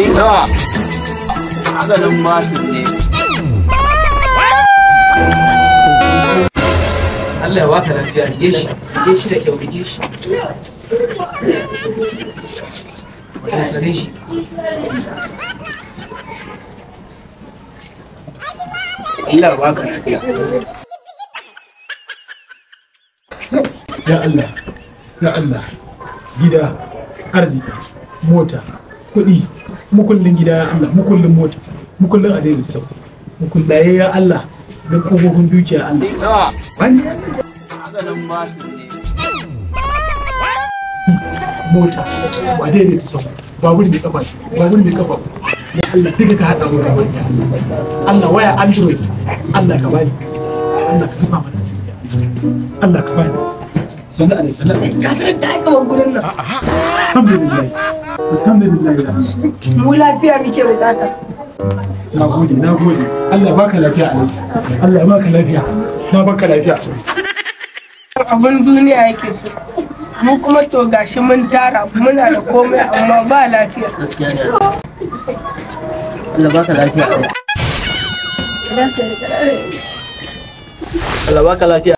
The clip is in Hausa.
Isa, maganin matin ne. Allah ya baka lafiya, rige shi, da kyau, rige shi. Allah ya baka lafiya. Ya Allah, ya Allah, gida, arziki, mota, kuɗi, mukullin gida ya Allah mukullin mota mukullin adaidai sau mukullaye ya Allah da kogogon dukiya Allah wani mota ba ta sau babur mai kafa babur mai kafa ya Allah duka ka hada mota Allah waya android Allah ka bani Allah ka Allah ka bani sana'a ne da wa gurin nan alhamdulillah mu lafiya muke bukata na gode na gode Allah baka lafiya alhaji Allah baka lafiya na baka lafiya abin duniya yake so mu kuma to gashi mun tara muna da komai amma ba lafiya gaskiya ne Allah baka lafiya Allah baka lafiya